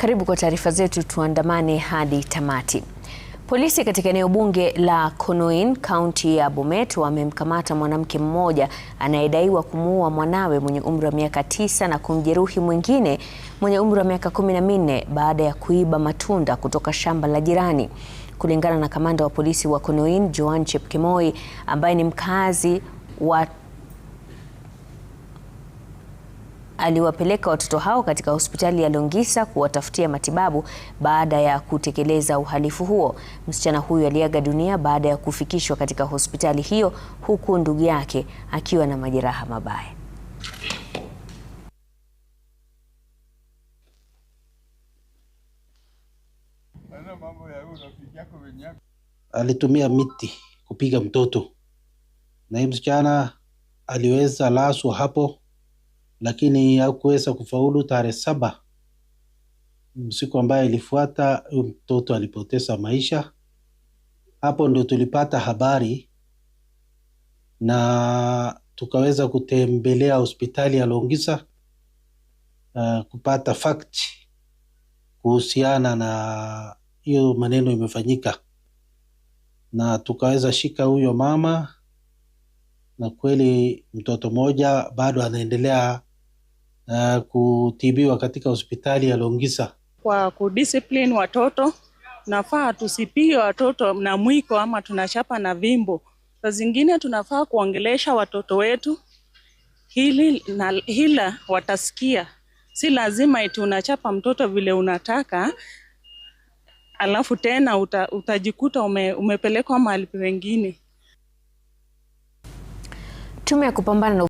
Karibu kwa taarifa zetu, tuandamane hadi tamati. Polisi katika eneo bunge la Konoin, kaunti ya Bomet, wamemkamata mwanamke mmoja anayedaiwa kumuua mwanawe mwenye umri wa miaka tisa na kumjeruhi mwingine mwenye umri wa miaka kumi na minne baada ya kuiba matunda kutoka shamba la jirani. Kulingana na kamanda wa polisi wa Konoin, Joan Chepkemoi, ambaye ni mkazi wa aliwapeleka watoto hao katika hospitali ya Longisa kuwatafutia matibabu baada ya kutekeleza uhalifu huo. Msichana huyo aliaga dunia baada ya kufikishwa katika hospitali hiyo huku ndugu yake akiwa na majeraha mabaya. Alitumia miti kupiga mtoto na hii msichana aliweza laswa hapo lakini hakuweza kufaulu. Tarehe saba siku ambayo ilifuata, huyu mtoto alipoteza maisha. Hapo ndio tulipata habari na tukaweza kutembelea hospitali ya Longisa uh, kupata fact kuhusiana na hiyo maneno imefanyika, na tukaweza shika huyo mama, na kweli mtoto mmoja bado anaendelea uh, kutibiwa katika hospitali ya Longisa. Kwa kudiscipline watoto, nafaa tusipie watoto na mwiko ama tunachapa na vimbo. Saa zingine tunafaa kuongelesha watoto wetu hili na hila watasikia. Si lazima eti unachapa mtoto vile unataka alafu tena uta, utajikuta ume, umepelekwa mahali pengine. Tume ya kupambana na